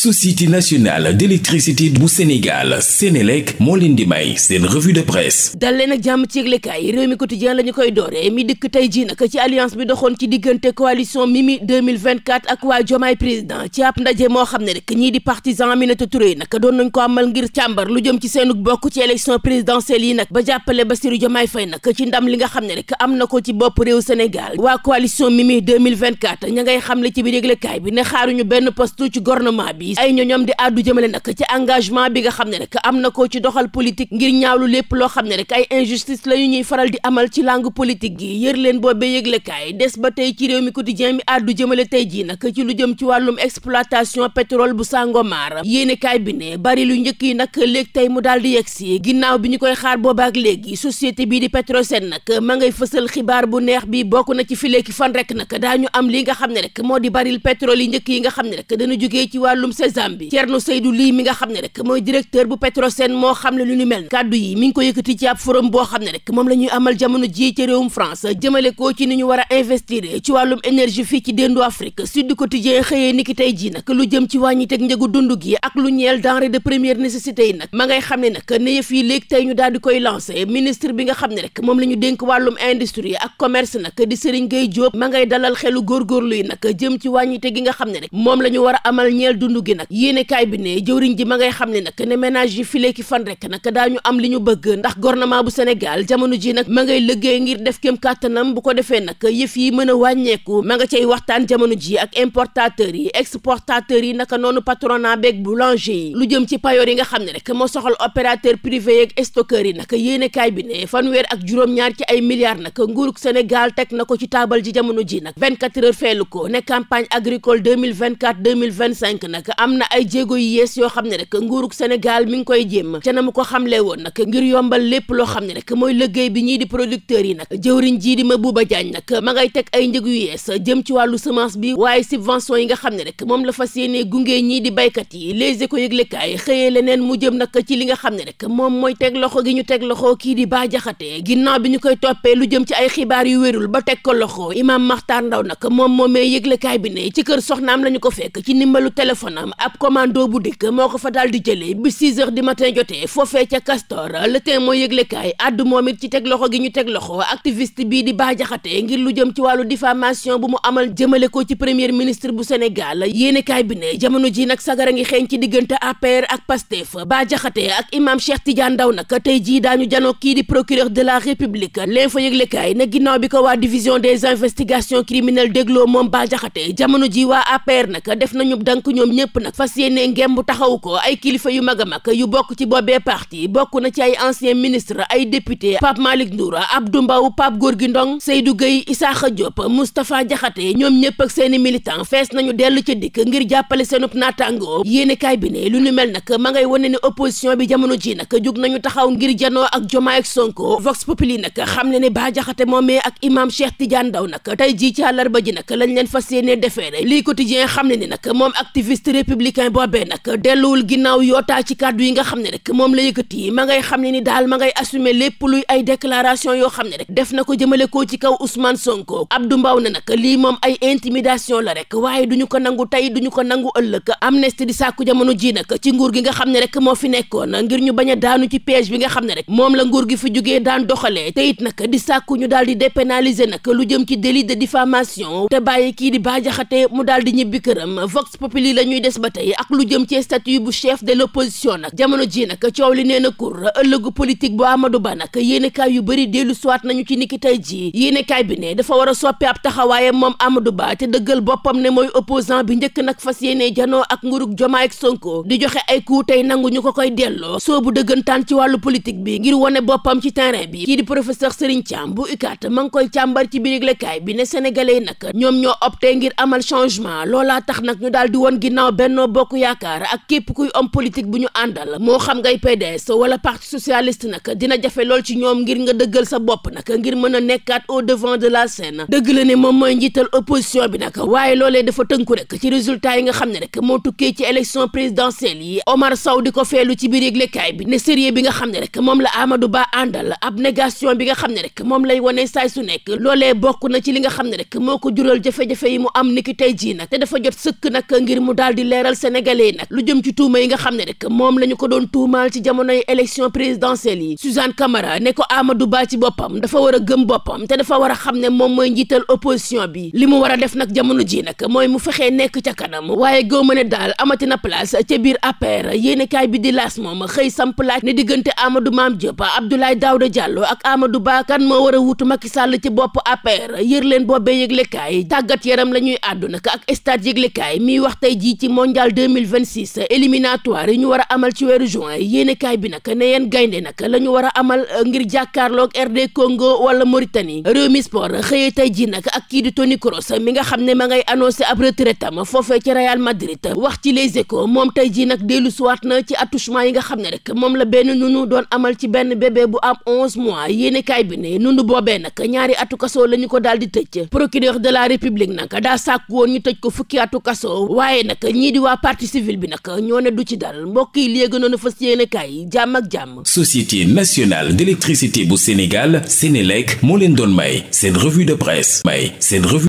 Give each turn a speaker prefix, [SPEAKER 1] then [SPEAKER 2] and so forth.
[SPEAKER 1] société nationale d'électricité bu Sénégal Sénélec moo leen di may seen revue de presse dal leen ak jàmm ci yëglekaay réew mi quotidien la ñu koy dooree mi dikk tey ji naka ci alliance bi doxoon ci diggante coalition Mimi 2024 ak waa Jomaay président ci ab ndaje moo xam ne rek ñii di partisan Aminata Touré naka doon nañ ko amal ngir càmbar lu jëm ci seenug bokk ci élection présidentielle yi nag ba jàppale Bassirou Jomaay Fay naka ci ndam li nga xam ne rek am na ko ci bopp réew Sénégal waa coalition Mimi 2024 ña ngay xamle ci biir yëglekaay bi yi ay ñoñoom di àddu jëmale nag ci engagement bi nga xam ne rek am na ko ci doxal politique ngir ñaawlu lépp loo xam ne rek ay injustice la yu ñuy faral di amal ci langue politique gi yër leen boobee yëglekaay des ba tey ci réew mi ko di quotidien mi àddu jëmale tey jii nag ci lu jëm ci wàllum exploitation pétrole bu Sangomar yéenekaay bi ne bari lu njëkk yi nag léegi tey mu daal di yegg si ginnaaw bi ñu koy xaar boobaak léegi société bii di Petrosen nag ma ngay fësal xibaar bu neex bokk na ci fileeki fan rek nag daañu am li nga xam ne rek moo di baril pétrole yi njëkk yi xam ne rek dana jógee ci wàllum Sésame bi Thierno Seydou Ly mi nga xam ne rek mooy directeur bu Petrosen moo xam ne lu ñu mel kàddu yi mi ngi ko yëkkati ci ab forum boo xam ne rek moom la ñuy amal jamono ji ci réewum France jëmale ko ci ni ci wàllum énergie fii ci déndu Afrique lu jëm ci wàññi teg njëgu dund gi ak lu ñeel denrée de première nécessité xam ne nag ne yëf yi léegi tey ñu daal di koy lancé ministre bi nga xam ne rek moom la ñu dénk wàllum industrie ak commerce nag di Serigne Gueye Diop ma ngay dalal xelu góorgóorlu yi nag jëm ci wàññite gi nga xam ne rek moom la war a amal ñeel dund gi gi nag yéene kaay bi ne jëwriñ ji ma ngay xam ne nag ne ménage yi filee ki fan rek nag daañu am li ñu bëgg ndax gouvernement bu Sénégal jamono ji nag ma ngay liggéey ngir def kéem kàttanam bu ko defee nag yëf yi mën a wàññeeku ma nga cay waxtaan jamono ji ak importateurs yi exportateurs yi naka noonu patronat beeg boulanger yi lu jëm ci payoor yi nga xam ne rek moo soxal opérateur privé yeeg yi nag yéene kaay bi ne fanweer ak juróom-ñaar ci ay milliards nag nguurug Sénégal teg na ko ci taabal ji jamono ji nag 24 heures feelu ko ne campagne agricole 2024 2025 nag am na ay jéego yu yees yoo xam ne rek nguurug Sénégal mi ngi koy jéem ca na mu ko xamlee woon nag ngir yombal lépp loo xam ne rek mooy liggéey bi ñii di producteurs yi nag jëwriñ jii di Mabouba Diagne nag ma ngay teg ay njëg yees jëm ci wàllu semence bi waaye subvention yi nga xam ne rek moom la fas yéene gunge ñii di béykat yi les éco yëglekaay xëyee leneen mu jëm nag ci li nga xam ne rek moom mooy teg gi ñu teg loxo kii di Bah Diakhaté bi ñu koy toppee lu jëm ci ay xibaar yu wérul ba teg ko loxo imaam Makhtar nag moom moomee yëglekaay bi ne ci kër soxnaam la ko fekk ci ndimbalu téléphone am boppam ab commando bu dikk moo ko fa daal di jëlee bi 6 heures du matin jotee foofee ca Castor Le Témoin moo yëglekaay addu moom it ci teg loxo gi ñu teg loxo activiste bii di Bah ngir lu jëm ci wàllu diffamation bu mu amal jëmale ko ci premier ministre bu Sénégal yéenekaay bi ne jamono ji nag sagara ngi xeeñ ci diggante APR ak Pastef Bah Diakhaté ak imam Cheikh Tidiane Ndaw nag tey jii daañu janoo kii di procureur de la République l'info yëglekaay ne ginnaaw bi ko waa division des investigations criminelles dégloo moom Bah jamono ji waa APR nag def nañu dank ñoom ñëpp nag fas yéene ngemb taxawu ko ay kilifa yu mag a mag yu bokk ci boobee parti bokk na ci ay ancien ministre ay député Pape Malick Ndour Abdou Mbaw Pape Gorgui Ndong Seydou Gueye Issakha Diop Moustapha Diakhaté ñoom ñëpp ak seeni militant fees nañu dellu ca dikk ngir jàppale seenub naataango yéene kaay bi ne lu nu mel nag ma ngay wane ne opposition bi jamono ji nag jug nañu taxaw ngir janoo ak Jomaay ak Sonko Vox Populi nag xam ne ne Bah moom mais ak imam Cheikh Tidiane Ndaw nag tey jii ci àllarba ji nag lañ leen fas yéene defeere lii quotidien xam ne ni nag moom activiste républicain boobee nag delluwul ginnaaw yootaa ci kàddu yi nga xam ne rek moom la yëkkati ma ngay xam ne ni daal ma ngay assumer lépp luy ay déclaration yoo xam ne rek def na ko jëmale ko ci kaw Ousmane Sonko Abdou Mbaw ne nag lii moom ay intimidation la rek waaye duñu ko nangu tey duñu ko nangu ëllëg amnistie di sàkku jamono ji nag ci nguur gi nga xam ne rek moo fi nekkoon ngir ñu bañ a daanu ci piège bi nga xam ne rek moom la nguur gi fi jugee daan doxalee te it nag di sàkku ñu daal di dépénaliser nag lu jëm ci délit de diffamation te bàyyi kii di baajaxate mu daal ñibbi këram vox populi la ñuy des ba tey ak lu jëm ci statut bu chef de l' nag jamono ji nag coow li nee na kur ëllëgu politique bu Amadou Ba nag yu bëri dellu siwaat nañu ci niki tey jii yéenekaay bi ne dafa war a soppi ab taxawaayam moom Amadou Ba te dëggal boppam ne mooy opposant bi njëkk nag fas yéene janoo ak ngurug Jomaay ak Sonko di joxe ay coup tey nangu ñu ko koy delloo soobu dëggantaan ci wàllu politique bi ngir wone boppam ci terrain bi kii di professeur Serigne Thiam bu UCAD ma ngi koy càmbar ci biir bennoo bokk yaakaar ak képp kuy homme politique bu ñu àndal moo xam ngay PDS wala parti socialiste nag dina jafe lool ci ñoom ngir nga dëggal sa bopp nag ngir a nekkaat au devant de la bi nag waaye yi nga ne rek moo tukkee ci élection présidentielle bi ne sérieux bi nga xam ne la Amadou Ba àndal abnégation bi nga xam ne rek moom li nga xam ne rek moo ko mu am leeral sénégalais nag lu jëm ci tuuma yi nga xam ne rek moom la ñu ko doon tuumaal ci jamonoy élection présidentielle yi Suzanne Camara ne ko Amadou Ba ci boppam dafa war a gëm boppam te dafa war a xam ne moom mooy njiital opposition bi li mu war a def nag jamono ji nag mooy mu fexee nekk ca kanam waaye gëw ma ne daal amati na place ca biir APR yéenekaay bi di laas moom xëy samp laaj ne diggante Amadou Mame Diop Abdoulaye Daouda Diallo ak Amadou Ba kan moo war a wutu Macky Sall ci bopp APR yër leen boobee yëglekaay tàggat yaram la ñuy àddu nag ak stade yëglekaay mondial 2026 éliminatoire yi ñu war a amal ci weeru juin yéenekaay bi nag ne yeen gaynde nag la ñu war a amal euh, ngir jàkkaarloog RD Congo wala Mauritanie Rewmi Sport xëyee tey ji nag ak kii di Toni Kroos mi nga xam ne ma ngay annoncé ab retraite am foofee ci Real Madrid wax ci Les Échos moom tey ji nag dellu suwaat na ci attouchement yi nga xam ne rek moom la benn nunu doon amal ci benn bébé bu am onze mois yéenekaay bi ne nunu boobe nag ñaari atu kaso la ko daal di tëj la république nag daa sàkk woon ñu tëj ñii di waa partie civile bi nag ñoo ne ci dal mbokk yi léegi noonu fas yéene kaay jàmm ak jàmm. Société nationale d'électricité bu Sénégal Sénélec moo leen doon may seen revue de presse may seen revue.